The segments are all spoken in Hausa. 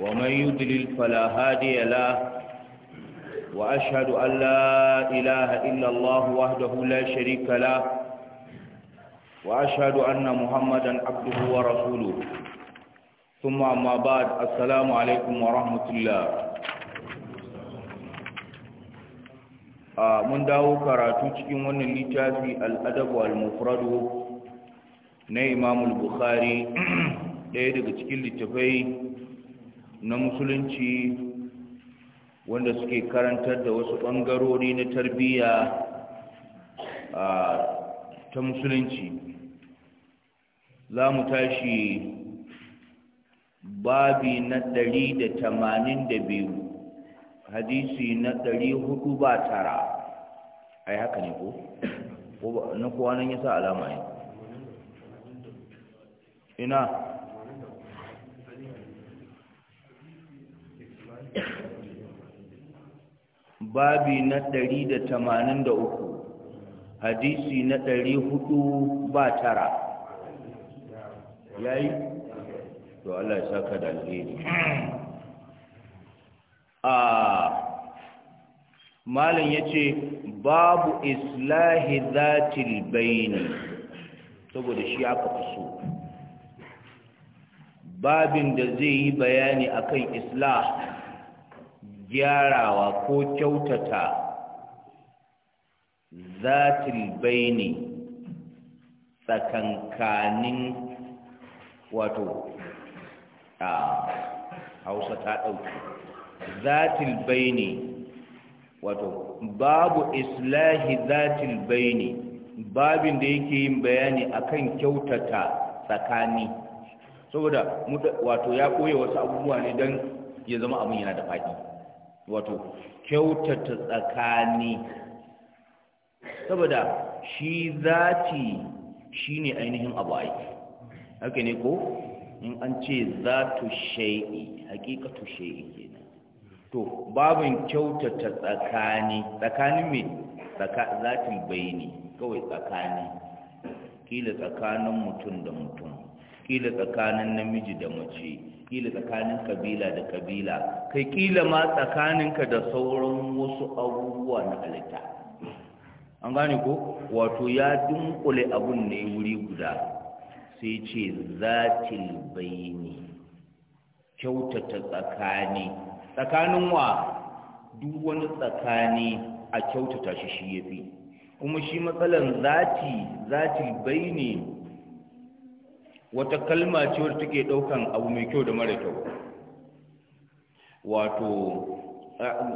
ومن يدلل فلا هادي له وأشهد أن لا إله إلا الله وحده لا شريك له وأشهد أن محمدا عبده ورسوله ثم أما بعد السلام عليكم ورحمة الله mun dawo karatu cikin wannan littafi al'adabu al-mufradu na imamul bukhari ɗaya daga cikin littafai na musulunci wanda suke karantar da wasu ɓangarori na tarbiyya ta musulunci za mu tashi babi na ɗari da tamanin da biyu hadisi na ɗari hudu ba tara ai haka ne ko na kowa nan ya sa alama ne ina babi na ɗari da tamanin da uku, hadisi na ɗari hudu ba tara yayi to Allah ya saka da alheri a malin yace babu islahi zatil baini saboda shi aka fuso babin da zai yi bayani akan islah gyarawa ko kyautata zatil baini tsakankanin wato a hausa ta ɗauki zatil baini wato babu islahi zatil baini babin da yake yin bayani akan kyautata tsakani saboda wato ya koya wasu abubuwa ne don ya zama abin yana da faɗi wato kyautata tsakani saboda shi zati shine ainihin abu aiki haka ne ko in an ce zatu shay'i shai'i ke nan, to babin kyautata tsakani tsakanin mai zatin bai ne kawai tsakani kila tsakanin mutum da mutum kila tsakanin namiji da mace kila tsakanin kabila da kabila kai ƙila ma tsakaninka da sauran wasu abubuwa na halitta an gane ko wato ya dunkule abun ne wuri guda sai ce zatil bayini kyautata tsakani tsakanin wa duk wani tsakani a kyautata shi shi yafi kuma shi matsalan zati zati bayini wata kalma ce wadda take ɗaukan abu mai kyau da mara kyau wato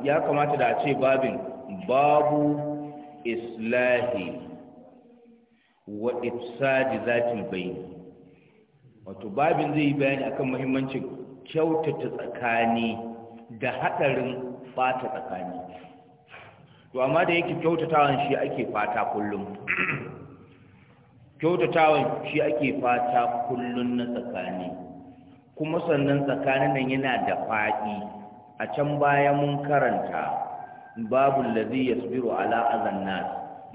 ya kamata da a ce babin babu islahi wa ifsadi zatin bayni wato babin zai yi bayani akan muhimmancin kyautata tsakani da hadarin bata tsakani to amma da yake kyautatawan shi ake fata kullum kyautatawan shi ake fata kullum na tsakani kuma sannan tsakanin nan yana da faɗi a can baya mun karanta babu lazi tsibiru ala azan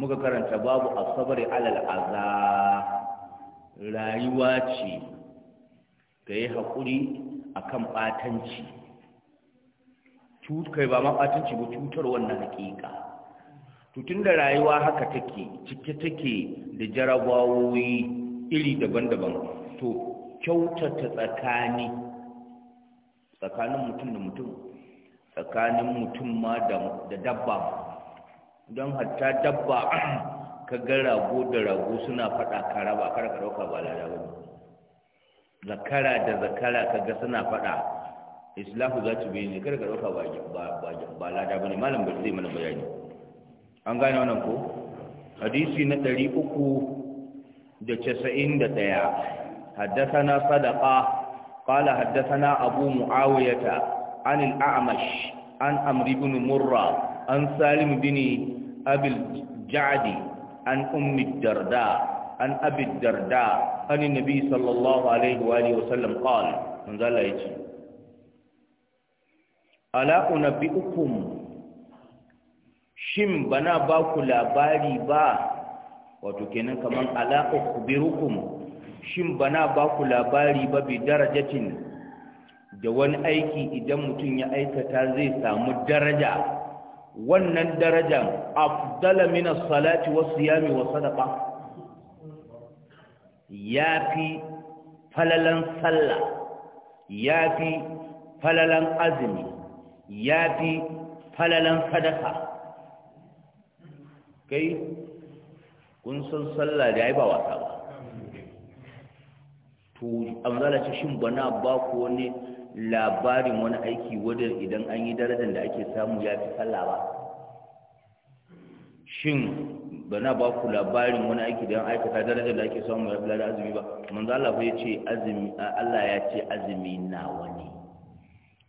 muka karanta babu sabari alal aza rayuwa ce ka yi haƙuri kan ɓatanci kai ba ma ɓatanci ba cutar wannan haƙiƙa tutun da rayuwa haka take cike take da jarabawoyi iri daban-daban to kyautata tsakani tsakanin mutum da mutum tsakanin mutum ma da dabba don hatta dabba ka ga rago da rago suna faɗa raba. Kada ka ɗauka ba lada ba zakara da zakara ka ga suna faɗa islahu za ta bayyana Kada ka ɗauka ba lada ba ne malam bai zai mana bayani an gane wannan ko hadisi na ɗari uku da casa'in da ɗaya haddasana sadaka ƙala haddasana abu mu'awiyata an amash. an amri bin murra an salim bin abil ja'adi an ummi darda an abi darda an nabi sallallahu alaihi wa alihi wasallam qala manzo Allah yace ala unabbiukum shin bana ba ku labari ba wato kenan kaman ala ukhbirukum shin bana ba ku labari ba bi darajatin da wani aiki idan mutum ya aikata zai samu daraja wannan darajan afdala min salati was-siyami wa sadaqa yafi falalan sallah yafi falalan azumi yafi falalan sadaka kai kun san sallah da ai ba wasa ba to amzala ce shin bana ba ku wani labarin wani aiki wadda idan an yi darajar da ake samu ya fi sallah ba shin bana ba ku labarin wani aiki da an ta darajar da ake samu ya fi lada azumi ba manzo Allah fa ya ce azumi Allah ya ce azumi na wani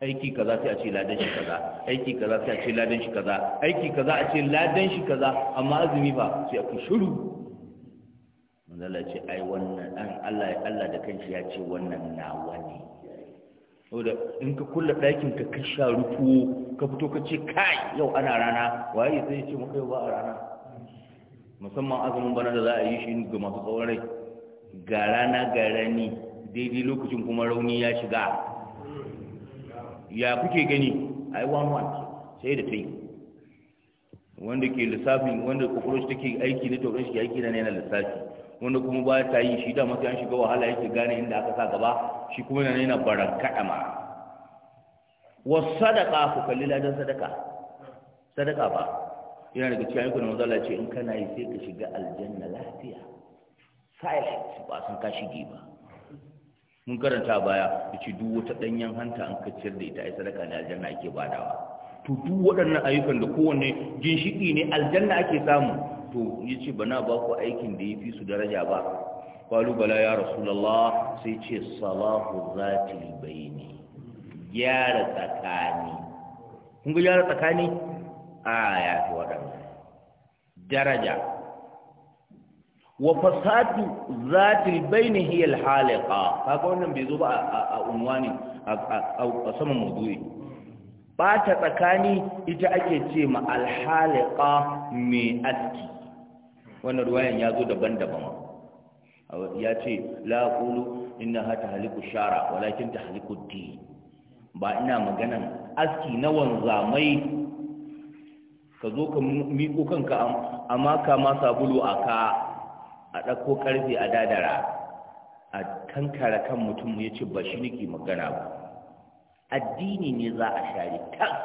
aiki kaza sai a ce ladan shi kaza aiki kaza sai a ce ladan shi kaza aiki kaza a ce ladan shi kaza amma azumi ba sai ku shiru manzala ce ai wannan dan Allah ya Allah da kanshi ya ce wannan nawa ne saboda in ka kulla ɗakin ka ka sha rufu ka fito ka ce kai yau ana rana waye sai ya ce maka yau ba a rana musamman azumin bana da za a yi shi ga masu tsawon rai ga rana ga rani daidai lokacin kuma rauni ya shiga ya kuke gani ai wan one sai da tai wanda ke lissafi wanda kokoro take aiki na taurin shi aiki na yana lissafi wanda kuma ba ta yi shi da masu an shiga wahala yake gane inda aka sa gaba shi kuma yana yana baran ma Wa sadaka ku kalli ladan sadaka sadaka ba yana daga cikin ayyukan manzo Allah ce in kana yi sai ka shiga aljanna lafiya sai ba san ka shige ba mun karanta baya ya duk wata ɗanyen hanta an kaciyar da ita ai sadaka ne aljanna ake badawa to duk waɗannan ayyukan da kowanne ginshiƙi ne aljanna ake samu to ya bana ba ku aikin da ya su daraja ba qalu bala ya rasulullah sai ce salahu zati baini gyara tsakani kun ga gyara tsakani a ya fi waɗannan daraja wa fasadu zatil baini hiya al-haliqa kaga wannan bai zo ba a unwani a saman mawdu'i ta tsakani ita ake ce ma al-haliqa mai aski wannan ruwayan ya zo daban-daban ya ce la qulu hata tahliku shara walakin tahliku di ba ina maganan aski na wanzamai ka zo ka miƙo kanka amma ka ma sabulu aka a ɗauko ƙarfi a dadara a kankara kan mutum ya ce ba shi nake magana ba addini ne za a share tas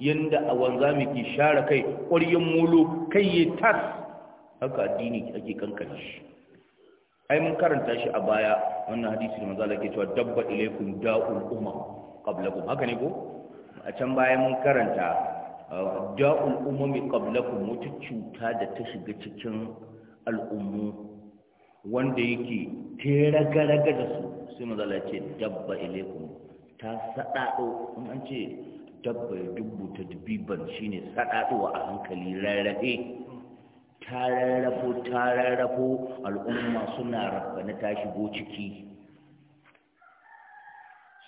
yadda a wanza ke share kai ƙwaryen molo kai ya tas haka addini ake kankare shi ai mun karanta shi a baya wannan hadisi da manzo ke cewa dabba ilaikun da'ul umma qablakum haka ne ko a can baya mun karanta da'ul ummi qablakum wata cuta da ta shiga cikin al'ummu wanda yake tera garaga da su sai mazala ce dabba ilekun ta saɗaɗo, in an ce dabba ya dubuta dubiban ne saɗaɗo a hankali rarrafe ta rarrafo ta rarrafo al'umma suna na ta shigo ciki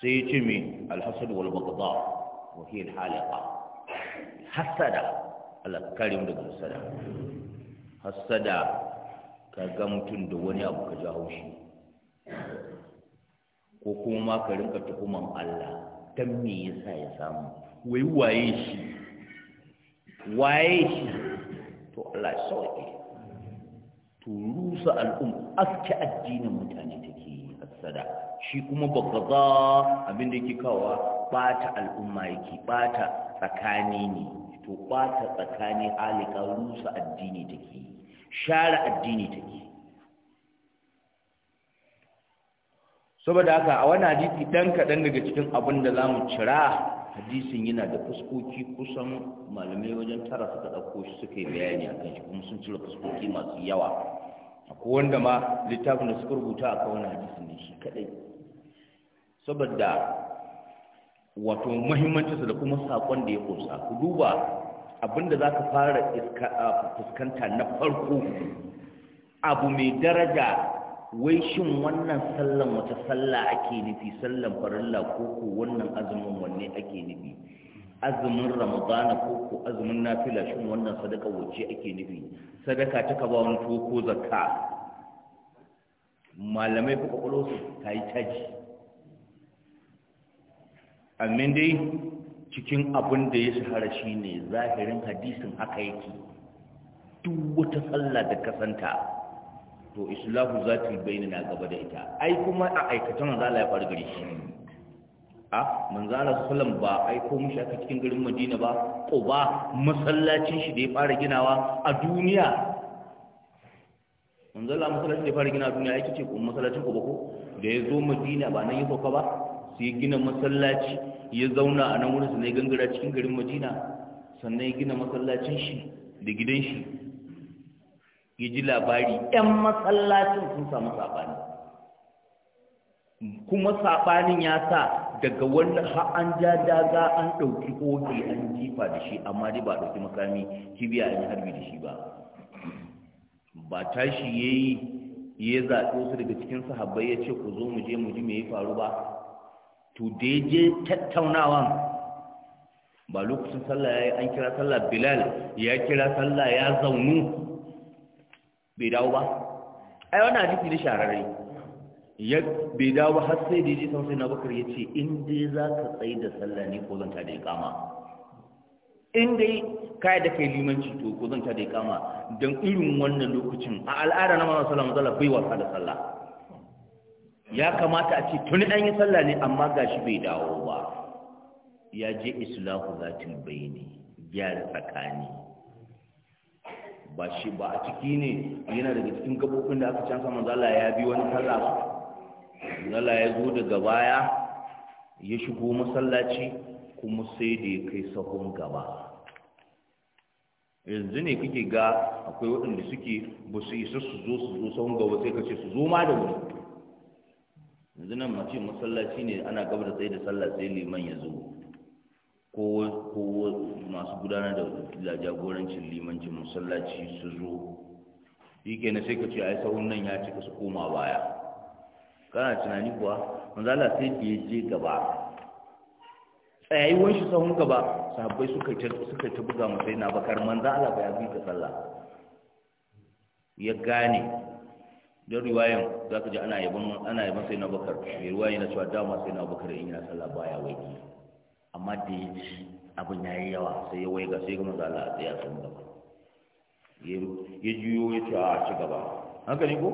sai ya ce mai Alhassan wal bagdha wa hassada alhaliqa hasada gusada karim ka ga mutum da wani abu ka ji haushi ko kuma ma ka rinka tuhuman Allah dan me yasa ya samu wai waye shi waye shi to Allah ya sauke to rusa al'umma aske addinin mutane take yi hassada shi kuma bagaza abin da yake kawa bata al'umma yake bata tsakani ne to bata tsakani halika rusa addini take yi share addini take saboda haka a wani hadisi dan kaɗan daga cikin abin da zamu cira hadisin yana da fuskoki kusan malamai wajen tara da dauko shi suka yi bayani a kan shi kuma sun cire fuskoki masu yawa akwai wanda ma littafin da suka rubuta a kan wani hadisin ne shi kaɗai saboda wato muhimmancinsa da kuma sakon da ya ƙunsa ku duba abinda za ka fara fuskanta na farko abu mai daraja wai shin wannan sallan wata sallah ake nufi sallan farilla ko ko wannan azumin wanne ake nufi azumin ramadana ko ko azumin nafila shin wannan sadaka wacce ake nufi sadaka ta kaba wani tuwo ko zakka malamai fa su ta yi caji amin dai cikin abin da ya shahara shi ne zahirin hadisin haka yake duk wata tsalla da kasanta to islahu zati bayni na gaba da ita ai kuma a aikata manzo Allah ya faru gari shi a manzo Allah sallam ba aiko mushi aka cikin garin Madina ba Quba masallacin shi da ya fara ginawa a duniya manzo masallacin da ya fara ginawa a duniya yake ce ko masallacin Quba ko da ya zo Madina ba nan ya sauka ba su ya gina masallaci ya zauna a nan wurin sannan ya gangara cikin garin madina sannan ya gina masallacin shi da gidan shi ya ji labari 'yan masallacin sun samu saɓani kuma saɓanin ya sa daga wannan an ja daga an ɗauki oge an jifa da shi amma dai ba ɗauki makami kibiya an yi harbi da shi ba ba tashi ya yi ya zaɓe wasu daga cikin sahabbai ya ce ku zo mu je mu ji me ya faru ba to da ya je tattaunawan ba lokacin sallah ya yi an kira sallah bilal ya kira sallah ya zaunu bai dawo ba ai wani ajiyar ne shahararre ya bai dawo ba har sai da ya je sai na bakar ya ce in dai za ka tsaye da sallah ne ko zanta da ya kama in dai ka da kai limanci to ko zanta da ya kama don irin wannan lokacin a al'ada na masu sallallahu alaihi bai wasa da sallah ya kamata a ce tuni an yi sallah ne amma shi bai dawo ba ya je islahu zatin bayani gyara tsakani ba shi ba a ciki ne yana daga cikin gabobin da aka canza manzala ya bi wani sallah ba ya zo daga baya ya shigo masallaci kuma sai da ya kai sahun gaba yanzu ne kake ga akwai waɗanda suke ba su isa su zo su zo sahun gaba sai ka ce su zo ma da wuri yanzu nan mace masallaci ne ana gaba da tsaye da sallah sai liman ya zo ko masu gudanar da jagorancin limancin masallaci su zo shi ke na sai ka ce ai sahun nan ya cika su koma baya kana tunani kuwa Manzala sai ke je gaba tsayayyuwan shi sahun gaba sahabbai suka suka ta buga masai, na bakar manzala ba ya bi ta sallah ya gane don riwayan za ka ji ana yaban ana yaban sai na bakar mai ruwa na cewa dama sai na bakar in yana sallah baya waiki amma da ya ji abin ya yi yawa sai ya waiga sai ga zala a tsaya sun gaba ya juyo ya ce a ci gaba haka ne ko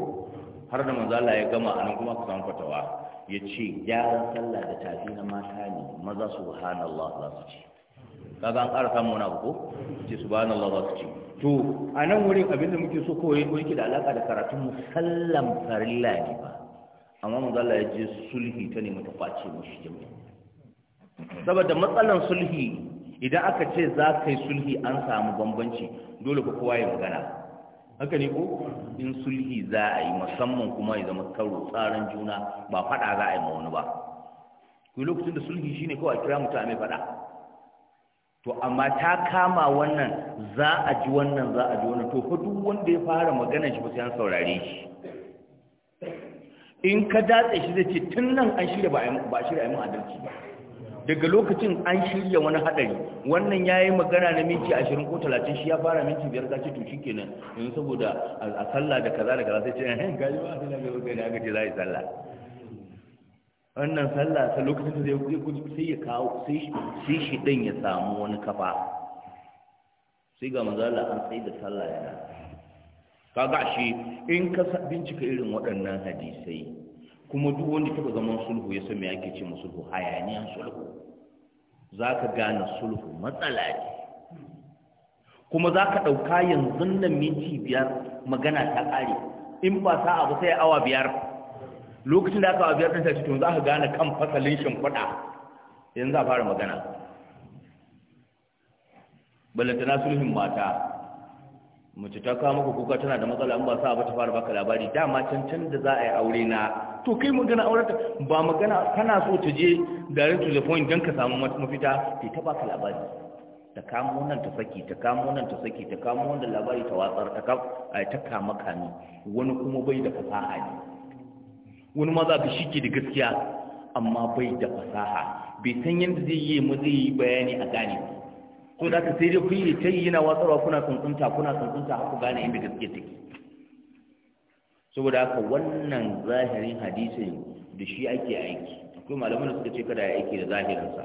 har da manzo ya gama anan kuma ku samu fatawa ya ce gyaran sallah da tafi na mata ne maza subhanallah za su ce kaga an ƙara samu wani abu ko ce subhanallah za su ce to a nan wurin abinda muke so kowai ko yake da alaka da karatun musallam farilla ne ba amma manzo Allah ya je sulhi ta ne mata kwace mushi jami'a saboda matsalan sulhi idan aka ce za ka yi sulhi an samu bambanci dole ku kowa ya magana haka ne ko in sulhi za a yi musamman kuma ya zama karo tsarin juna ba faɗa za a yi ma wani ba ku lokacin da sulhi shine kawai kira mutane a mai faɗa to amma ta kama wannan za a ji wannan za a ji wannan to fa duk wanda ya fara magana shi ba sai an saurare shi in ka datse shi zai ce tun nan an shirya ba a shirya mun adalci ba daga lokacin an shirya wani hadari wannan ya yi magana na minti ashirin ko talatin shi ya fara minti biyar za ce to shi kenan yanzu saboda a sallah da kaza da kaza sai ce eh gaji ba a sallah gaba da aka ce za yi sallah wannan sallah ta lokacin da zai gudu sai ya kawo sai shi ɗin ya samu wani kafa sai ga manzala an tsaye da sallah yana kaga shi in ka bincika irin waɗannan hadisai kuma duk wanda taɓa zaman sulhu ya san me ake ce mu sulhu hayaniyan sulhu za ka gane sulhu matsala ne kuma za ka ɗauka yanzu nan minti biyar magana ta ƙare in ba sa'a ba sai awa biyar lokacin da aka wa biyar sashi tun za ka gane kan fasalin shimfiɗa yanzu za a fara magana na sulhin mata mace ta kawo maka kuka tana da matsala in ba sa ba ta fara baka labari dama can can da za a yi aure na to kai magana auren ta ba magana kana so ta je garin to the point don ka samu mafita ta ta baka labari ta kamo wannan ta saki ta kamo wannan ta saki ta kamo wannan labari ta watsar ta kamo ta kama kami wani kuma bai da fasaha ne wani ka shi ke da gaskiya amma bai da fasaha bai san yadda zai yi mu zai yi bayani a gane ko da ka sai dai kun yi ta yi yana watsarwa kuna tsuntsunta kuna tsuntsunta haku gane inda gaskiya take saboda haka wannan zahirin hadisin da shi ake aiki akwai malaman da suka ce kada ya aiki da zahirinsa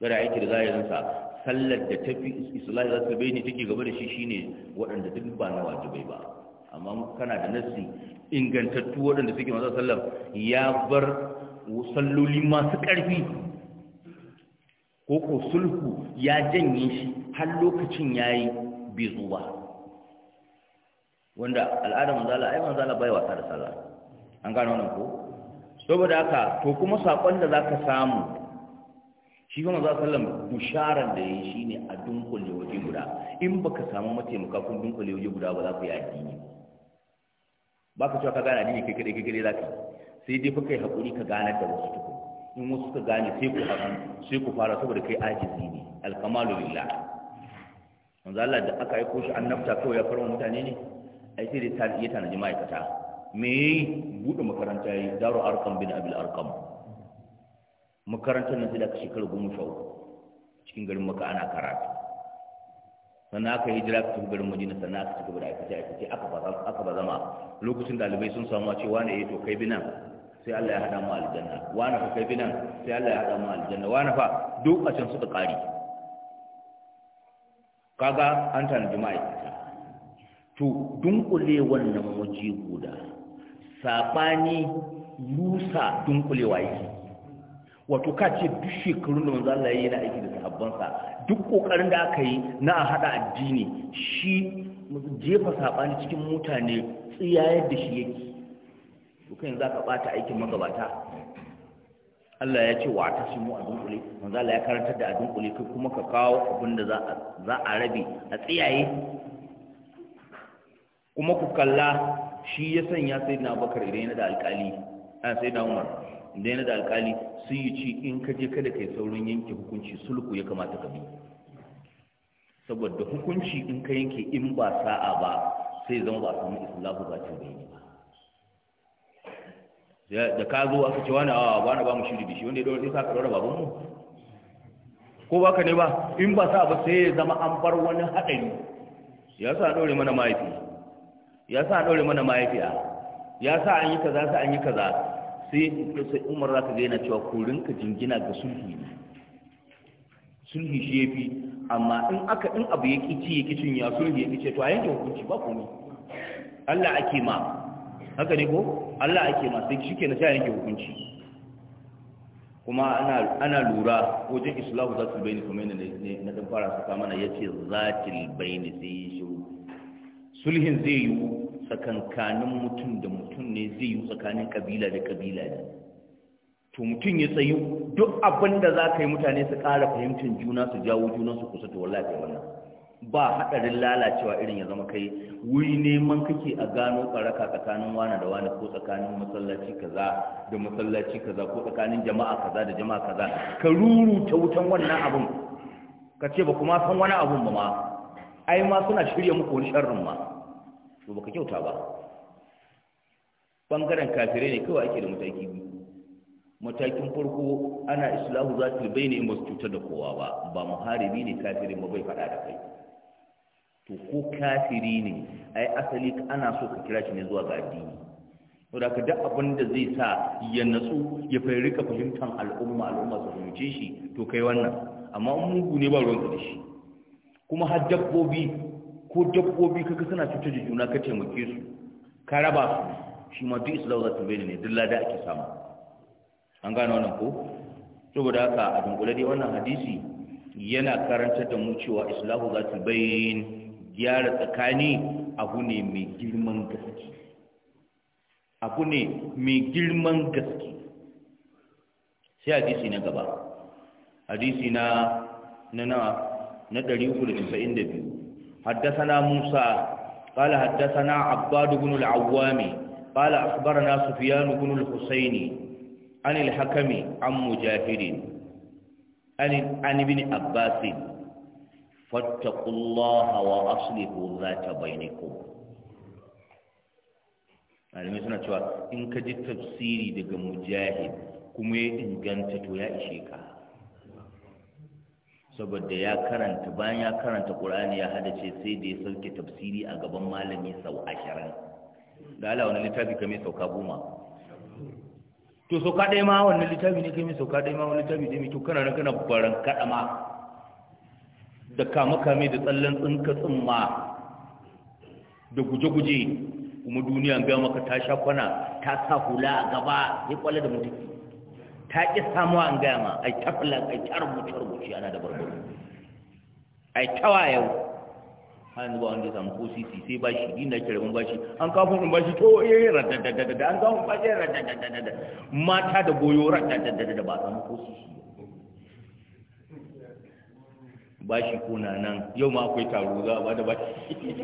kada ya aiki da zahirinsa sallar da tafi islahi za su bai ne take gaba da shi shine waɗanda duk ba na wajibai ba amma kana da nasi ingantattu waɗanda suke masu sallar ya bar salloli masu ƙarfi ko ko sulhu ya janye shi har lokacin ya yi bizuwa. wanda al'adar manzala ai manzala bai wasa da sallar an gano wannan ko saboda haka to kuma sakon da za ka samu shi kuma za sallar bisharar da ya yi shi ne a dunkule waje guda in baka samu mataimaka kun dunkule waje guda ba za ku yi addini ba ka cewa ka gane ne kai kai kai za ka sai dai kai hakuri ka gane da wasu tuku in wasu ka gane sai ku haɗu sai ku fara saboda kai ajizi ne alkamalu lillah manzo Allah da aka aiko shi annabta kawai ya farma mutane ne ai sai dai ta iya tanaji ma'aikata me buɗe makaranta yi daru arqam bin abil arqam makarantar nan sai da shekaru goma sha cikin garin maka ana karatu sannan aka yi hijira ka tafi garin madina sannan aka ci da aikace aikace aka ba zama lokacin dalibai sun samu wani ya eh, to kai binan sai Allah ya hada mu aljanna wani fa kai binan sai Allah ya hada mu aljanna wani fa duk a can suka kari kaga an tanadi jima'i? to dunkule wannan waje guda sabani Musa dunkulewa yake wato ka ce duk shekarun da manzo Allah ya yi na aiki da sahabbansa duk kokarin da aka yi na a hada addini shi jefa sabani cikin mutane tsiyayar da shi yake to kai zaka ka bata aikin magabata Allah ya ce wa tasimu abin kule manzo Allah ya karanta da abin kule kai kuma ka kawo abin da za a za a rabe a tsiyaye kuma ku kalla shi ya sanya sayyidina Abubakar idan yana da alƙali sayyidina Umar da yana da alkali sun yi ci in ka je kada kai saurin yanke hukunci sulhu ya kamata ka bi saboda hukunci in ka yanke in ba sa'a ba sai zama ba samu islahu ba cin bayani ba da ka zo aka ce wani awa na ba mu shiri da shi wanda ya dole sai ka dora baban mu ko baka ne ba in ba sa'a ba sai zama an bar wani haɗari ya sa dore mana mahaifi ya sa dore mana mahaifiya ya sa an yi kaza sa an yi kaza sai umar za ka ga yana cewa korin ka jingina ga sulhi sulhi shi ya fi amma in aka in abu ya kici ya kicin ya sulhi ya kice to a yanke hukunci ba komai Allah ake ma haka ne ko Allah ake ma sai shike na sai yanke hukunci kuma ana ana lura wajen islahu zatul baini kuma ne na dan fara saka mana yace zatul baini sai shi sulhin zai yi tsakankanin mutum da mutum ne zai yi tsakanin kabila da kabila ne to mutum ya tsayu duk abin da za ka yi mutane su ƙara fahimtar juna su jawo juna su kusa to wallafi kai wannan ba haɗarin lalacewa irin ya zama kai wuri neman kake a gano tsaraka tsakanin wani da wani ko tsakanin masallaci kaza da masallaci kaza ko tsakanin jama'a kaza da jama'a kaza ka ruruta wutan wannan abun ka ce ba kuma san wani abun ba ma ai ma suna shirya muku wani sharrin ma to baka kyauta ba bangaren kafirai ne kawai ake da mataki biyu matakin farko ana islahu za ta bai ne masu cutar da kowa ba ba muharibi ne kafirin ba bai faɗa da kai to ko kafiri ne ai asali ana so ka kira shi ne zuwa ga addini saboda ka duk abin da zai sa ya natsu ya rika fahimtar al'umma al'umma su fahimce shi to kai wannan amma mugu ne ba ruwan da shi kuma har dabbobi ko dabbobi kaga suna cutar da juna ka taimake su ka raba su shi ma duk islam za ta bayyana ne duk da ake samu an gane wannan ko saboda haka a dunkule dai wannan hadisi yana karantar da mu cewa islahu za ta gyara tsakani abu ne mai girman gaske abu ne mai girman gaske sai hadisi na gaba hadisi na na na na 392 حدثنا موسى قال حدثنا عباد بن العوام قال أخبرنا سفيان بن الحسين عن الحكم عن مجاهد عن ابن عباس فاتقوا الله وأصلحوا ذات بينكم malamai suna cewa in ka ji tafsiri daga mujahid kuma ya inganta to ya ishe ka saboda ya karanta bayan ya karanta ƙur'ani ya ce sai da ya sauke tafsiri a gaban malami sau ashirin da ala wani littafi ka mai sauka goma to sauka ɗaya ma wani littafi ne kame mai sauka ɗaya ma wani littafi ɗaya mai To kana kana baran kaɗa ma da kama kame da tsallan tsinka tsimma da guje-guje kuma duniya ga maka ta sha kwana ta sa hula a gaba ya kwale da mutum ta ƙi samuwa an gaya ma ai ta fulan ai ta rubuce rubuce ana da barbaro ai ta waye har yanzu ba wanda samu ko sisi sai ba shi inda ake ba bashi an kawo ba bashi to eh, eh da an kawo da da da mata da goyo da ba samu ko sisi bashi ko na nan yau ma akwai taro za a ba da bashi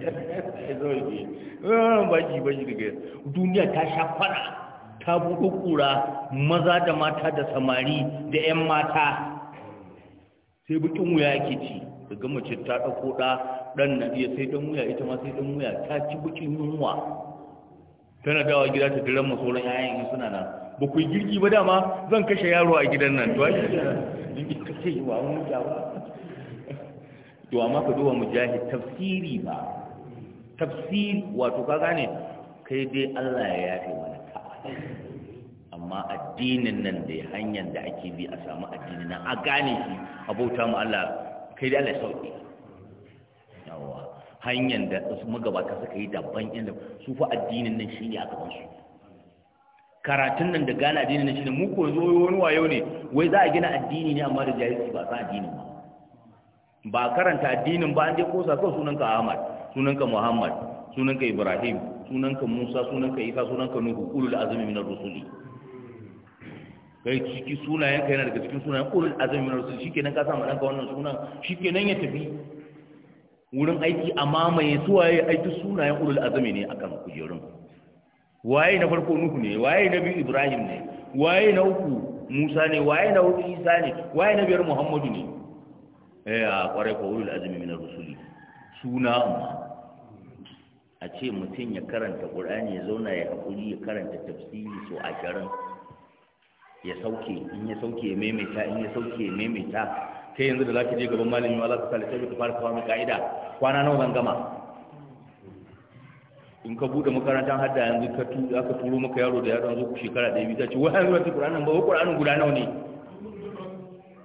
daga eh, duniya ta sha fara ta buɗu ƙura maza da mata da samari da 'yan mata sai bukin wuya yake ci daga mace ta ɗauko ɗa ɗan na iya sai ɗan wuya ita ma sai ɗan wuya ta ci bukin yunwa tana dawa gida ta diran masoran 'ya'yan in suna nan ba ku girki ba dama zan kashe yaro a gidan nan to ake in kashe yi wa wani ba to amma ka duba mujahid tafsiri ba tafsiri wato ka gane kai dai Allah ya yafe mana amma addinin nan da hanyar da ake bi a samu addini nan a gane shi a bauta mu Allah kai da Allah ya yawa hanyar da su magabata suka yi daban inda su fa addinin nan shi ne a gaban su karatun nan da gane addinin nan shi ne mu ko zo wani wayo ne wai za a gina addini ne amma da jahilci ba san addinin ba ba karanta addinin ba an je kosa ko sunanka Ahmad sunanka Muhammad sunanka Ibrahim sunanka Musa sunanka Isa sunanka Nuhu ulul azmi minar rusuli kai ciki sunayen ka yana daga cikin sunayen ulul azmi minar rusuli shikenan ka samu danka wannan sunan shikenan ya tafi wurin aiki a mamaye suwaye aiki sunayen ulul azami ne akan kujerun waye na farko Nuhu ne waye na biyu Ibrahim ne waye na uku Musa ne waye na hudu Isa ne waye na biyar Muhammadu ne eh a kware ko ulul azmi minar rusuli suna amma a ce mutum ya karanta ƙur'ani ya zauna ya haƙuri ya karanta tafsiri so jaran ya sauke in ya sauke ya maimaita in ya sauke ya maimaita kai yanzu da za ka je gaban malami ma za ka sa littafi ka fara kawo mai ka'ida kwana nawa zan gama in ka buɗe makarantar hadda yanzu ka tu aka turo maka yaro da yaron zuku shekara ɗaya biyu ta ce wahayar zuwa ba ta ƙur'anin ba wa ƙur'anin guda nawa ne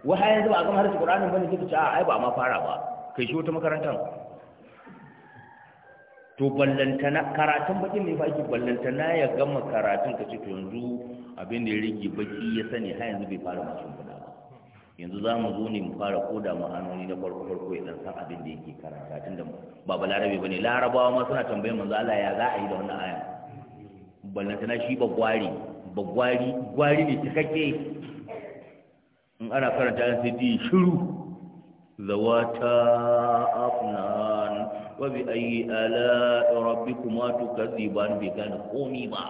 wahayar zuwa a gama harshe ƙur'anin ba ne ta ce a ai ba ma fara ba kai shi wata makarantar to ballantana karatun bakin ne ba ki ballantana ya gama karatun ka ce to yanzu abin da ya rage baki ya sani har yanzu bai fara masu guda ba yanzu za mu zo ne mu fara koda ma'anoni na farko farko ya san abin da yake karanta tun da ba larabe bane larabawa ma suna tambayar manzo Allah ya za a yi da wannan aya ballantana shi ba gwari ba gwari gwari ne cikakke in ana karanta sai ji shiru ذواتا أفنان وبأي آلاء ربكما تكذبان بغان قومي ما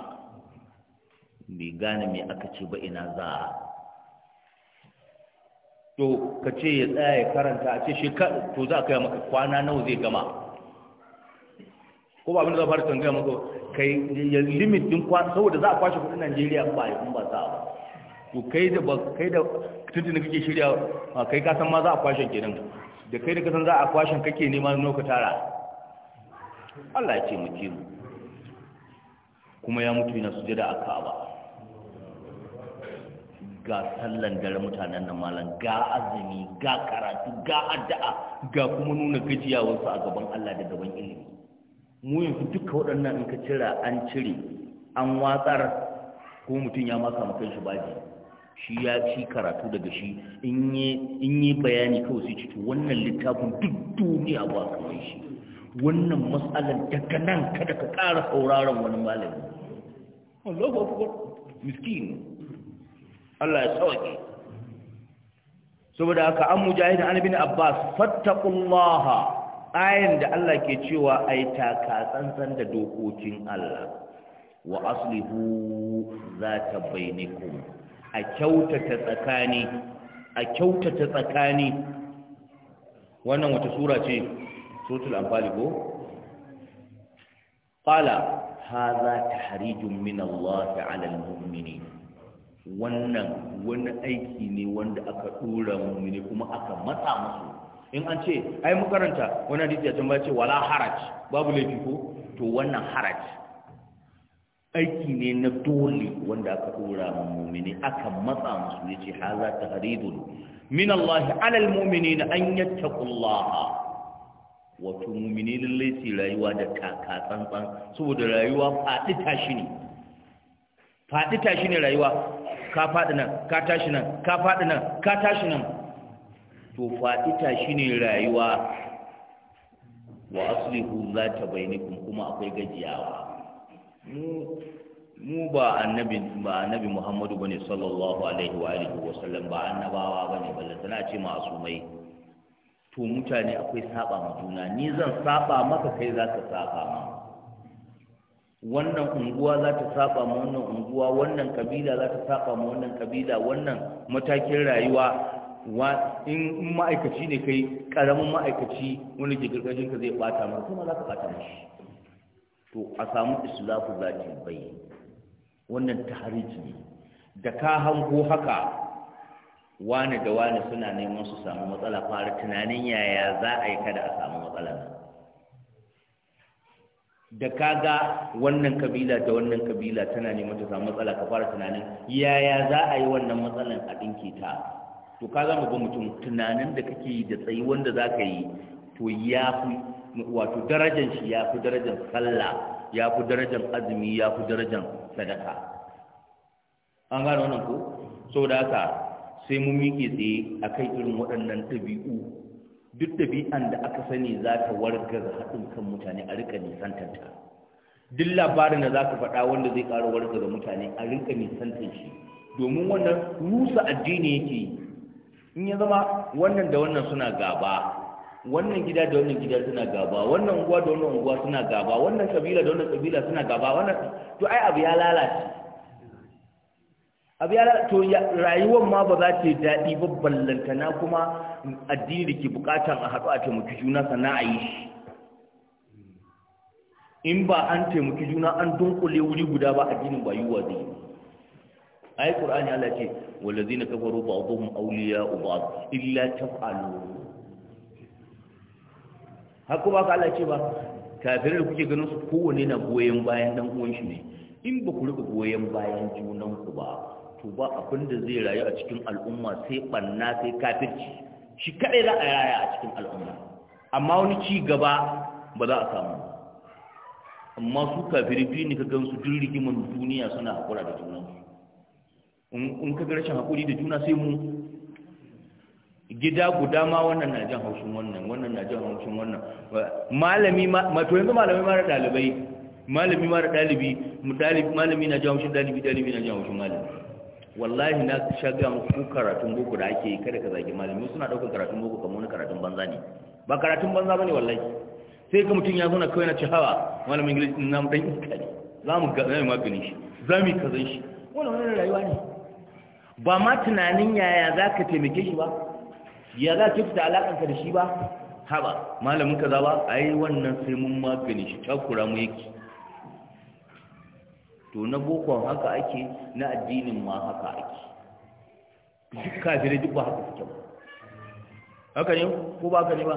بغان مي أكتب إنا ذا to ka ce ya tsaya ya karanta a ce shekaru to za ka yi maka kwana nawa zai gama ko ba abin da za fara tambaya maka kai limit din kwana saboda za a kwashe kudin Najeriya ba ya kuma ba za a ba to kai da ba kai da tuntuni kake shirya kai ka san ma za a kwashen kenan da kai da kasan za a kwashen kake nema nawa ka tara Allah ya ce mu ji kuma ya mutu yana sujada a Ka'aba ga sallan dare mutanen nan malam ga azumi ga karatu ga addu'a ga kuma nuna gajiyawar su a gaban Allah da gaban ilimi mu yanzu duka waɗannan in ka cira an cire an watsar ko mutum ya maka mutum shi baji shi ya ci karatu daga shi in yi bayani kawai sai ciki wannan littafin duk duniya ba mai shi wannan matsalar daga nan kada ka ƙara sauraron wani malami Allah ba kuwa miskin Allah ya tsawaki saboda haka an da anabin Abbas fattaqullaha ayin da Allah ke cewa ai taka tsantsan da dokokin Allah wa aslihu ta bainakum a kyautata tsakani a kyautata tsakani wannan wata sura ce sotul anfal ko qala hadha tahrijun min Allah 'ala al-mu'minin wannan wani aiki ne wanda aka dora mu'mini kuma aka matsa musu in an ce ai mu karanta wannan hadisi ya tambaya ce wala haraj babu laifi ko to wannan haraj aiki ne na dole wanda aka kura ma mumini aka matsa musu yace haza tahridun min Allah ala al-mu'minin an yattaqullaha wato mumini lallai su rayuwa da kaka tsantsan saboda rayuwa faɗi tashi ne faɗi tashi ne rayuwa ka faɗi nan ka tashi nan ka faɗi nan ka tashi nan to faɗi tashi ne rayuwa wa aslihu za ta bainikum kuma akwai gajiyawa mu ba annabi ba annabi Muhammadu bane sallallahu alaihi wa alihi wa sallam ba annabawa bane balle tana ce masumai to mutane akwai saba ma juna ni zan saba maka kai za ka saba ma wannan unguwa za ta saba ma wannan unguwa wannan kabila za ta saba ma wannan kabila wannan matakin rayuwa wa in ma'aikaci ne kai karamin ma'aikaci wani ke karkashin ka zai bata maka kuma za ka bata mashi to a samu islafu zaki bai wannan tahriji ne da ka hango haka wani da wani suna neman su samu matsala fara tunanin yaya za a yi kada a samu matsala da ka ga wannan kabila da wannan kabila tana neman ta samu matsala ka fara tunanin yaya za a yi wannan matsalan a ɗinke ta to ka zama ba mutum tunanin da kake yi da tsayi wanda za ka yi to ya fi wato darajar shi ya fi darajar sallah ya fi darajar azumi ya fi darajar sadaka an gane wannan ko so da haka sai mun miƙe tsaye a kan irin waɗannan ɗabi'u duk ɗabi'an da aka sani za ta wargaza haɗin kan mutane a rika ta duk labarin da za ka faɗa wanda zai ƙara wargaza mutane a rika nisantar shi domin wannan rusa addini yake in ya zama wannan da wannan suna gaba wannan gida da wannan gida suna gaba wannan unguwa da wannan unguwa suna gaba wannan kabila da wannan kabila suna gaba wannan to ai abu ya lalace abu ya lalace to rayuwar ma ba za ta yi daɗi ba ballantana kuma addini da ke bukatan a haɗu a taimaki juna sana'a a yi shi in ba an taimaki juna an dunkule wuri guda ba addinin ba yiwuwa zai yi ai qur'ani Allah ce wallazina kafaru ba'dhum awliya'u ba'd illa taf'alu haka ba ka Allah ce ba kafirai da kuke ganin su kowane na goyen bayan dan uwan shi ne in ba ku rika goyen bayan junan ba to ba abin da zai rayu a cikin al'umma sai banna sai kafirci shi kaɗai za a raya a cikin al'umma amma wani ci gaba ba za a samu amma su kafiri biyu ne ka gan su duk rigiman duniya suna hakura da junansu in ka ga rashin hakuri da juna sai mu gida guda ma wannan na jan haushin wannan wannan na jan haushin wannan malami ma to yanzu malami mara dalibai malami mara dalibi malami na jan haushin dalibi dalibi na jan haushin malami wallahi na shaga muku karatun boko da ake kada ka zagi malami suna daukar karatun boko kamar wani karatun banza ne ba karatun banza bane wallahi sai ka mutum ya zo na kawai na ci hawa malamin ingilishi na mu dan iska ne za mu ga zai magani shi za mu kazan shi wannan wani rayuwa ne ba ma tunanin yaya za ka taimake shi ba ya za ki fita alakanka da shi ba haba malamin za ba yi wannan sai mun magani shi takura mu yake to na bokon haka ake na addinin ma haka ake duk kafirai duk ba haka suke ba haka ne ko ba haka ne ba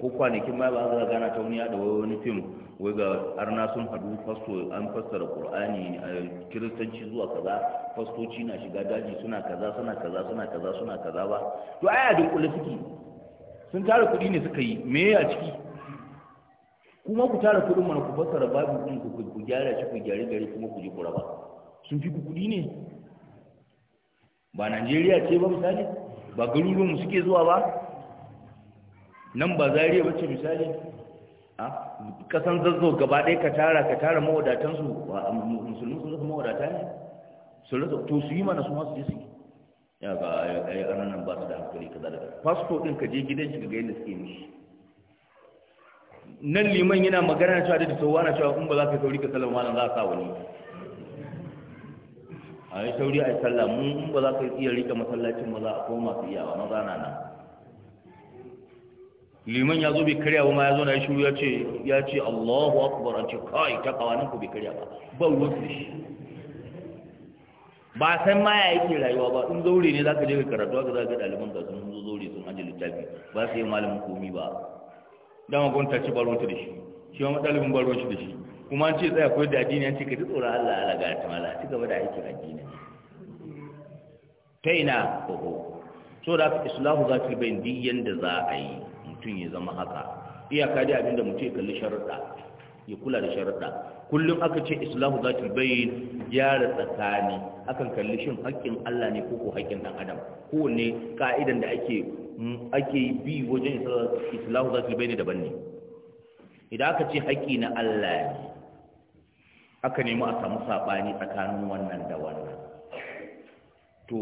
ko kwanakin ma ba za gana ta wani da wani fim wai ga arna sun hadu fasto an fassara qur'ani a kiristanci zuwa kaza fastoci na shiga daji suna kaza suna kaza suna kaza suna kaza ba to ai a dunkule suke sun tara kuɗi ne suka yi me a ciki kuma ku tara kuɗin mana ku fassara babu din ku ku gyara shi ku gyare gari kuma ku ji ku raba sun fi ku kuɗi ne ba Najeriya ce ba misali ba garuruwanmu suke zuwa ba nan ba zariya ba ce misali a kasan zazzo gaba ɗaya ka tara ka tara mawadatansu musulmi sun zafi mawadata ne su rasa to su yi mana su masu jisi ya ga ai nan ba su da hankali kaza da fasfo ɗin ka je gidan shi ga yadda suke mishi nan liman yana magana cewa da sauwa na cewa kuma ba za ka sauri ka sallama malam za a sa wani a yi sauri a yi sallah mun ba za ka iya rike masallacin maza a koma su iyawa maza na nan liman ya zo bai karya ba ma ya zo na shiru ya ce ya ce Allahu akbar an ce kai ta kawanin ku bai karya ba ba wuce shi ba san ma ya yake rayuwa ba in zaure ne zaka je ka karatu haka zaka ga daliban da sun zo zaure sun aje littafi ba sai malamin komi ba dan gon gonta ci ta da shi shi ma dalibin baron shi da shi kuma an ce tsaya koyar da addini an ce ka ji tsoron Allah Allah ga ta mala ci gaba da aikin addini ta ina ko. so da islahu zakil bain diyan da za a yi mutum ya zama haka iyaka dai abinda mutum ya kalli sharuɗa ya kula da sharuɗa kullum aka ce islahu za ta bayi gyara tsakani akan kalli shin haƙƙin Allah ne ko haƙƙin ɗan adam kowanne ka'idan da ake ake bi wajen islahu za ta ne daban ne idan aka ce haƙƙi na Allah ne aka nemi a samu saɓani tsakanin wannan da wannan to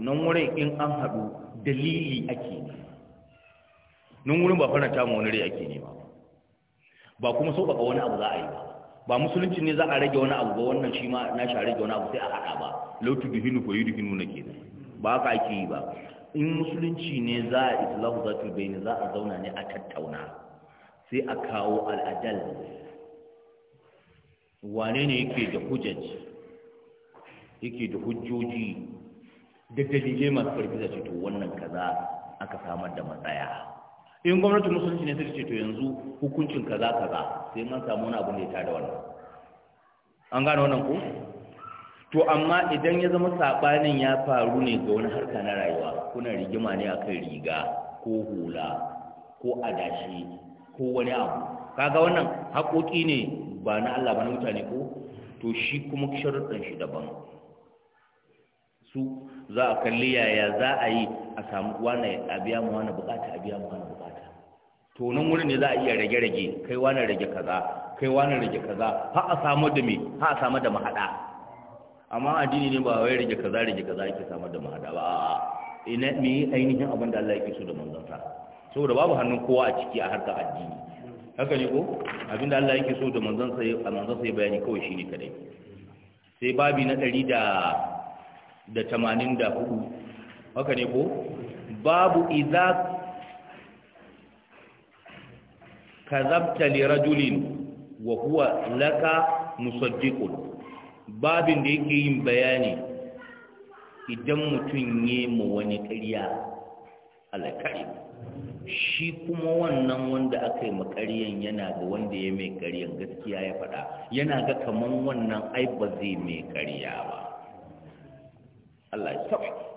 nan wurin in an haɗu dalili ake ne Nun wurin ba faranta ma wani rai ake nema ba kuma sauƙaƙa wani abu za a yi ba ba musulunci ne za a rage wani abu ba wannan shi ma na sha rage wani abu sai a haɗa ba lautu duhinu ko yudhinu na kenan ba haka ake yi ba in musulunci ne za a islahu zatul bayni za a zauna ne a tattauna sai a kawo al'adal wane ne yake da hujjaji yake da hujjoji da dalilai masu farfi za to wannan kaza aka samar da matsaya in gwamnatin musulunci ne suka ce to yanzu hukuncin kaza kaza sai mun samu wani abu da ya tada wannan an gane wannan ko to amma idan ya zama sabanin ya faru ne ga wani harka na rayuwa kuna rigima ne akan riga ko hula ko adashi ko wani abu kaga wannan haƙoƙi ne ba na Allah ba na mutane ko to shi kuma sharuɗin shi daban su za a kalli yaya za a yi a samu wani abiya mu wani bukata abiya mu wani to nan wurin ne za a iya rage-rage kai wani rage kaza kai wani rage kaza har a samar da me har a samu da mahada amma addini ne ba wai rage kaza rage kaza yake samar da mahada ba a'a ina me ainihin abin da Allah yake so da manzon sa saboda babu hannun kowa a ciki a harkar addini haka ne ko abin da Allah yake so da manzon sa a manzon sa bayani kawai shine kadai sai babi na 100 da da 84 haka ne ko babu idza kazabta li rajulin wa huwa laka musaddiqun babin da yake yin bayani idan mutum ya ma wani ƙarya alkari shi kuma wannan wanda aka yi makaryan yana ga wanda ya mai karyan gaskiya ya faɗa yana ga kaman wannan ai ba zai mai karya ba Allah ya saba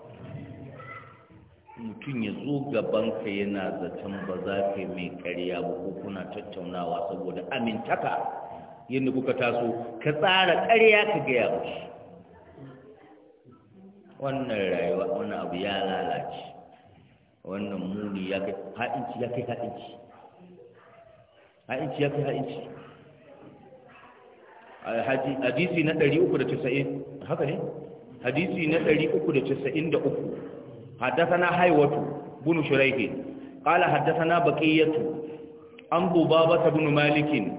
mutum ya zo gabanka yana zaton ba za ka yi mai karya ba ko kuna tattaunawa saboda amintaka yadda kuka taso ka tsara karya ka gaya shi wannan rayuwa wani abu ya lalace wannan muni ya kai haɗinci ya kai haɗinci haɗinci ya kai haɗinci hadisi na 390 haka ne hadisi na 393 حدثنا حيوة بن شريح قال حدثنا بقية عن ضبابة بن مالك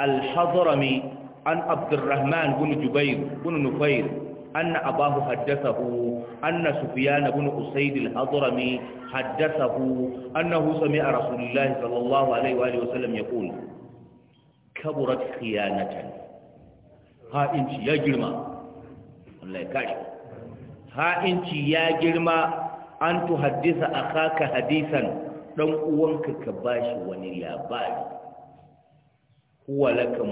الحضرمي عن عبد الرحمن بن جبير بن نفير أن أباه حدثه أن سفيان بن أسيد الحضرمي حدثه أنه سمع رسول الله صلى الله عليه وآله وسلم يقول كبرت خيانة هائنش يجرم الله يكاشف ha'inci ya girma an tu haddisa kaka hadisan dan uwanka ka ba shi wani labari kuwa laka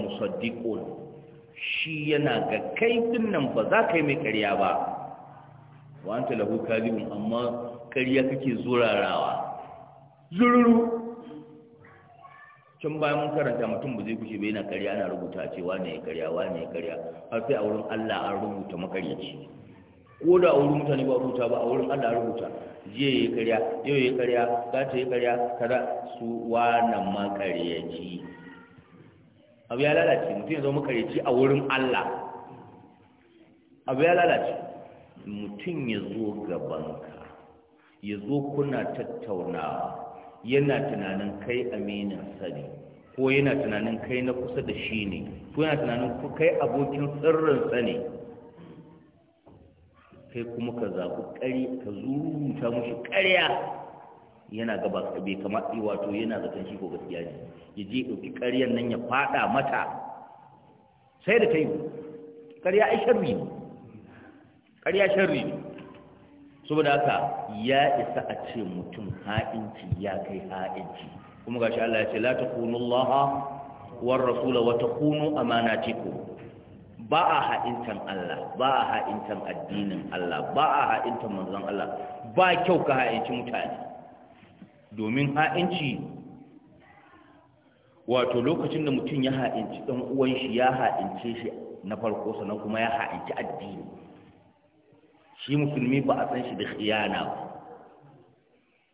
shi yana ga kai dinnan ba za ka yi mai ƙarya ba wanta lahu kalibin amma ƙarya kake zurarawa zururu tun bayan mun karanta mutum ba zai kushe ba yana karya ana rubuta cewa ne ya karya wa ne ya har sai a wurin Allah an rubuta makaryaci ko da a wurin mutane ba rubuta ba a wurin Allah rubuta jiya ya yi karya, yau yi karya, za ta yi ka kada su wannan makaryaci abu ya lalace mutum ya zama makaryaci a wurin Allah abu ya lalace mutum ya zo gabanka ya zo kuna tattaunawa yana tunanin kai aminin sani ko yana tunanin kai na kusa da shi ne ko yana tunanin kai abokin sirrin sani kai kuma ka zaɓi ƙari ka zuruta mushi ƙarya yana gaba bai ɗi wato yana zaton shi ko gaskiya ne ya je ɗauki ƙaryar nan ya faɗa mata sai da ta yi ƙarya ai sharri ne ƙarya sharri ne saboda haka ya isa a ce mutum ha'inci ya kai ha'inci kuma shi Allah ya ce la Allah wa rasula wa takunu amanatikum ba a ha'intan Allah ba a ha'intan addinin Allah ba a ha'intan manzon Allah ba kyau ka ha'inci mutane domin ha'inci wato lokacin da mutum ya ha'inci ɗan uwan shi ya ha'ince shi na farko sannan kuma ya ha'inci addini shi musulmi ba a san shi da khiyana ba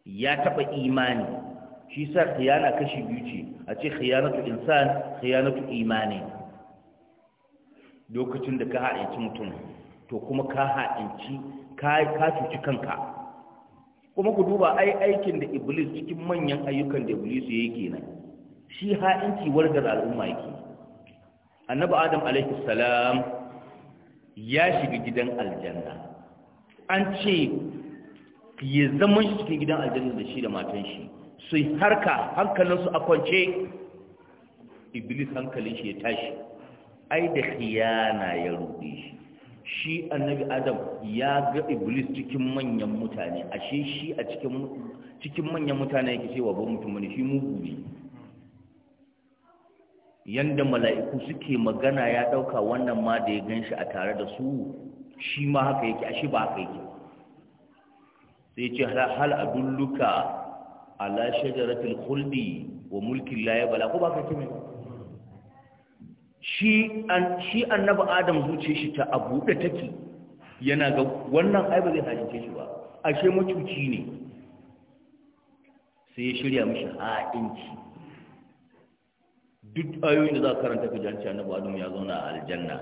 ya taɓa imani shi sa khiyana kashi biyu ce a ce khiyanatu insan khiyanatu imani lokacin da ka haɗinci mutum to kuma ka haɗinci ka cuci kanka kuma ku duba ai aikin da iblis cikin manyan ayyukan da iblis ya yi kenan shi ha'inci wargar al'umma yake annabi adam alaihi salam ya shiga gidan aljanna an ce ya zama shi cikin gidan aljanna da shi da matan shi su harka hankalinsu a kwance iblis hankalin shi ya tashi ai da khiyana ya ruɗe shi shi annabi adam ya ga iblis cikin manyan mutane ashe shi a cikin cikin manyan mutane yake cewa ba mutum bane shi mugu ne yanda mala'iku suke magana ya dauka wannan ma da ya ganshi a tare da su shi ma haka yake ashe ba haka yake sai ce hal adulluka ala shajaratil khuldi wa mulkin la yabla ko ba ka kime shi annabi adam zuciye shi ta abu da take yana ga wannan ai ba zai hajince shi ba ashe macuci ne sai ya shirya mishi ha'inci duk ayoyin da za ka karanta ka janci annabi adam ya zauna a aljanna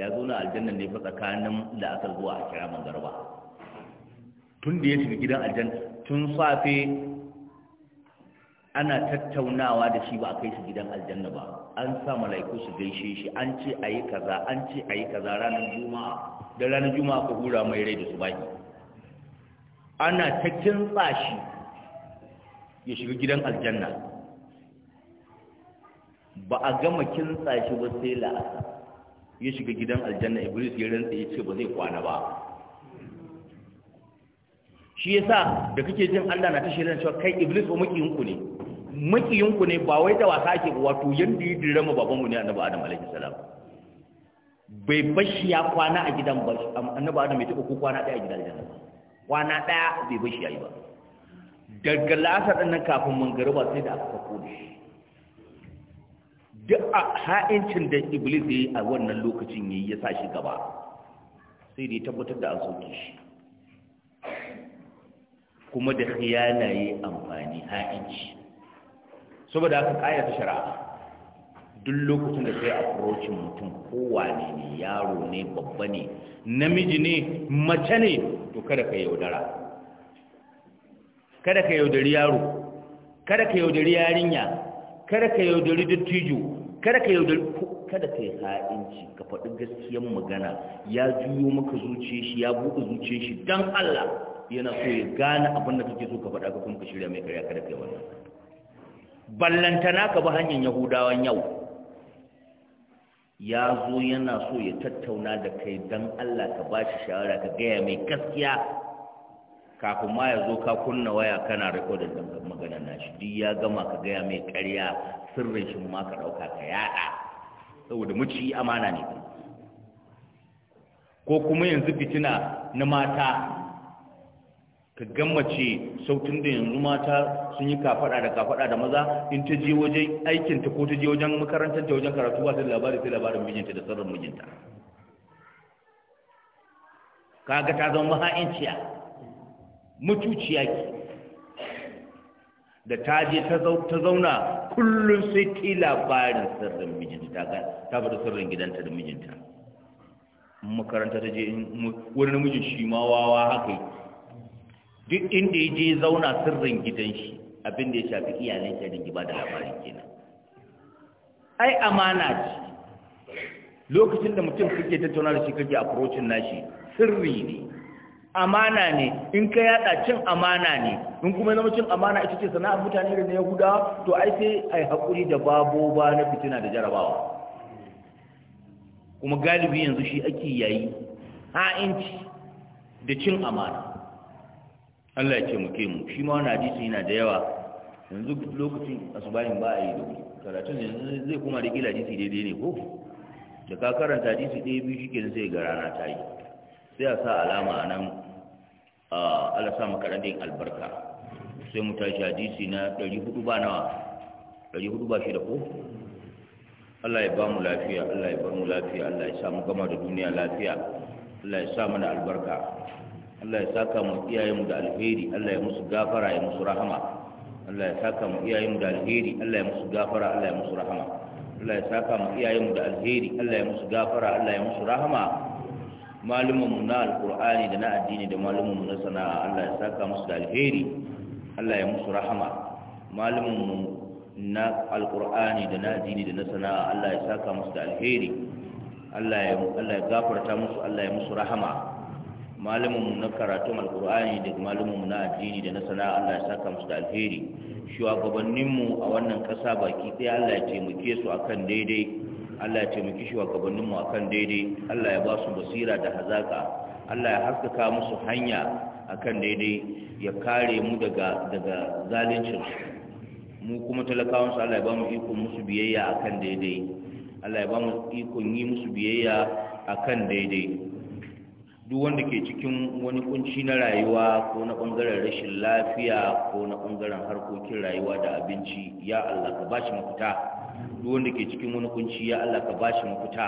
ya zauna a aljanna ne fa tsakanin da aka zuwa a kiraman Garba. tun da ya shiga gidan aljanna tun safe ana tattaunawa da shi ba a kai su gidan aljanna ba an sa mala'iku su gaishe shi an ce a yi kaza an ce a yi kaza ranar juma'a da ranar juma'a ku hura mai rai da su baki ana ta kintsa shi ya shiga gidan aljanna ba a gama kintsa shi ba sai la'asa ya shiga gidan aljanna iblis ya rantsa ya ce ba zai kwana ba shi yasa da kake jin Allah na ta shirin cewa kai iblis ba mukiyin yinku ne makiyinku ne ba wai da wasa ake wato yanda ya dira ma babanmu ne annabi adam alaihi salam bai bashi ya kwana a gidan ba annabi adam bai taba ko kwana daya a gidan ba. kwana daya bai bashi yayi ba daga lasa din nan kafin ba sai da aka fako da shi duk a ha'incin da iblis ya yi a wannan lokacin yayi ya sa shi gaba sai da ya tabbatar da an soke shi kuma da khiyana yayi amfani ha'inci saboda haka kaya ta shari'a duk lokacin da sai approachin mutum kowane ne yaro ne babba ne namiji ne mace ne to kada ka yaudara kada ka yaudari yaro kada ka yaudari yarinya kada ka yaudari dattijo kada ka yaudari kada ka yi ha'inci ka faɗi gaskiyan magana ya juyo maka zuce shi ya buɗe zuce shi don Allah yana so ya gane abin da kake so ka faɗa ka kuma ka shirya mai karya kada ka yi wannan ballantana ka bi hanyar yahudawan yau ya zo yana so ya tattauna da kai don allah ka ba shi shawara ka gaya mai gaskiya kafin ma ya zo ka kunna waya kana rikodin magana na shi, duk ya gama ka gaya mai karya, sirrin shi ma ka ɗauka ka yaɗa saboda muci amana ne ko kuma yanzu fitina na mata ka gammace sautin da yanzu mata sun yi kafaɗa da kafaɗa da maza in ta je wajen aikinta ko ta je wajen makarantar ta wajen karatu ba ta labari sai labarin mijinta da sirrin mijinta kaga ta zama maha'inciya mutuciya ki da ta je ta zauna kullum sai ta labarin sirrin mijinta ta bar sirrin gidanta da mijinta makaranta ta je wani namijin shi ma wawa haka duk inda ya je zauna sirrin gidan shi abin da ya shafi iyalan shi ba da labarin kenan ai amana ce lokacin da mutum kake tattauna da shi kake approachin nashi sirri ne amana ne in ka yada cin amana ne in kuma zama cin amana ita ce sana'ar mutane da na yahudawa to ai sai ai haƙuri da babo ba na fitina da jarabawa kuma galibi yanzu shi ake yayi ha'inci da cin amana Allah ya ce mu ke mu shi ma wani hadisi yana da yawa yanzu lokacin asubahin ba a yi da wuri karatun yanzu zai kuma da kila hadisi daidai ne ko da ka karanta hadisi ɗaya biyu shi kenan sai ga rana ta yi sai a sa alama a nan Allah sa makarantar albarka sai mu tashi hadisi na ɗari hudu ba nawa ɗari hudu ba shi da ko Allah ya ba mu lafiya Allah ya bar mu lafiya Allah ya sa mu gama da duniya lafiya Allah ya sa mana albarka Allah ya saka mu iyayenmu da alheri Allah ya musu gafara ya musu rahama Allah ya saka mu iyayenmu da alheri Allah ya musu gafara Allah ya musu rahama Allah ya saka mu iyayenmu da alheri Allah ya musu gafara Allah ya musu rahama malumin mu na alqur'ani da na addini da malumin mu na sana'a Allah ya saka musu da alheri Allah ya musu rahama malumin mu na alqur'ani da na addini da na sana'a Allah ya saka musu da alheri Allah ya Allah ya gafarta musu Allah ya musu rahama malumin mu na karatun alkur'ani da malumin mu na addini da na sana'a Allah ya saka musu da alheri shugabannin mu a wannan ƙasa baki ɗaya Allah ya taimake su akan daidai Allah ya taimaki shugabannin mu akan daidai Allah ya ba su basira da hazaka Allah ya haskaka musu hanya akan daidai ya kare mu daga daga zalincin mu kuma talakawan su Allah ya ba mu ikon musu biyayya akan daidai Allah ya ba mu ikon yi musu biyayya akan daidai duk wanda ke cikin wani kunci na rayuwa ko na ɓangaren rashin lafiya ko na ɓangaren harkokin rayuwa da abinci ya Allah ka bashi mafita duk wanda ke cikin wani kunci ya Allah ka bashi mafita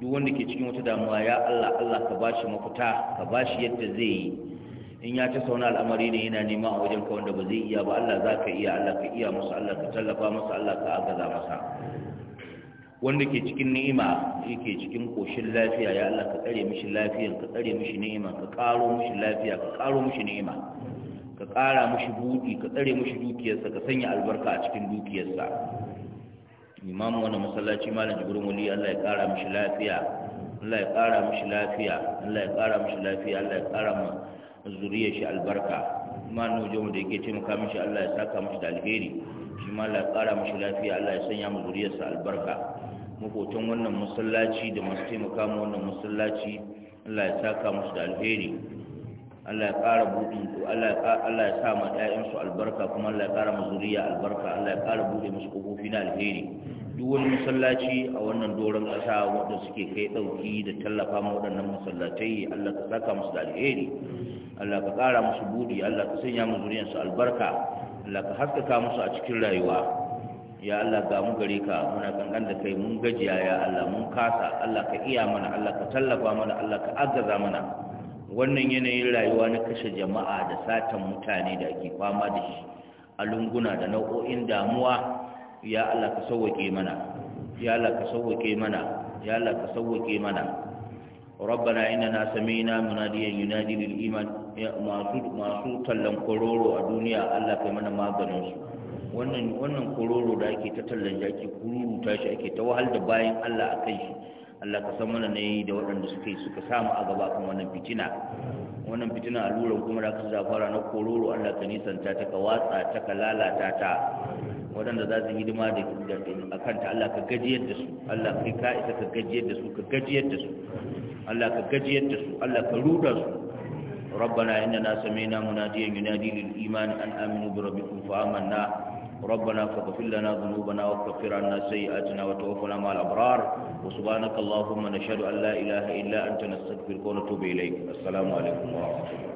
duk wanda ke cikin wata damuwa ya Allah Allah ka bashi mafita ka bashi yadda zai yi in ya ta sauna al'amari ne yana nema a wajen ka wanda ba zai iya ba Allah za ka iya Allah ka iya masa Allah ka tallafa masa Allah ka agaza masa wanda ke cikin ni'ima yake cikin koshin lafiya ya Allah ka tsare mishi lafiyar ka tsare mishi ni'ima ka karo mishi lafiya ka karo mishi ni'ima ka kara mishi budi ka tsare mishi dukiyarsa ka sanya albarka a cikin dukiyarsa imamu wannan masallaci malam jibrin wali Allah ya kara mishi lafiya Allah ya kara mishi lafiya Allah ya kara mishi lafiya Allah ya kara ma zuriyar shi albarka imamu jomo da yake taimaka mishi Allah ya saka mishi da alheri shi ma la ƙara musu lafiya Allah ya sanya mu zuriyarsa albarka makotan wannan masallaci da masu taimaka mu wannan masallaci Allah ya saka musu da alheri Allah ya ƙara buɗin ku Allah ya sa ma su albarka kuma Allah ya ƙara mu zuriya albarka Allah ya ƙara buɗe musu kofofi na alheri duk wani masallaci a wannan doron ƙasa wanda suke kai ɗauki da tallafa ma waɗannan masallatai Allah ka saka musu da alheri Allah ka ƙara musu buɗi Allah ka sanya mu zuriyarsu albarka Allah ka haskaka musu a cikin rayuwa ya Allah ga mu gare ka muna kankan da kai mun gajiya ya Allah mun kasa Allah ka iya mana Allah ka tallafa mana Allah ka agaza mana wannan yanayin rayuwa na kashe jama'a da satan mutane da ake fama da shi a lunguna da nau'o'in damuwa ya Allah ka sauwake mana ya Allah ka sauwake mana ya Allah ka sauwake mana rabbana inna sami'na munadiyan yunadi lil iman masu masu tallan kororo a duniya Allah kai mana maganin su wannan wannan kororo da ake ta tallan jaki kururu shi ake ta wahal da bayan Allah kai shi Allah ka san mana ne da waɗanda suka yi suka samu a gaba kan wannan fitina wannan fitina alluran kuma da aka zafara na kororo Allah ka nisanta ta ka watsa ta ka lalata ta waɗanda za su hidima da a kanta Allah ka gajiyar da su Allah kai ka isa ka gajiyar da su ka gajiyar da su Allah ka gajiyar da su Allah ka ruda su ربنا إننا سمعنا مناديا ينادي للإيمان أن آمنوا بربكم فآمنا ربنا فاغفر لنا ذنوبنا واكفر عنا سيئاتنا وتوفنا مع الأبرار وسبحانك اللهم نشهد أن لا إله إلا أنت نستغفرك ونتوب إليك السلام عليكم ورحمة الله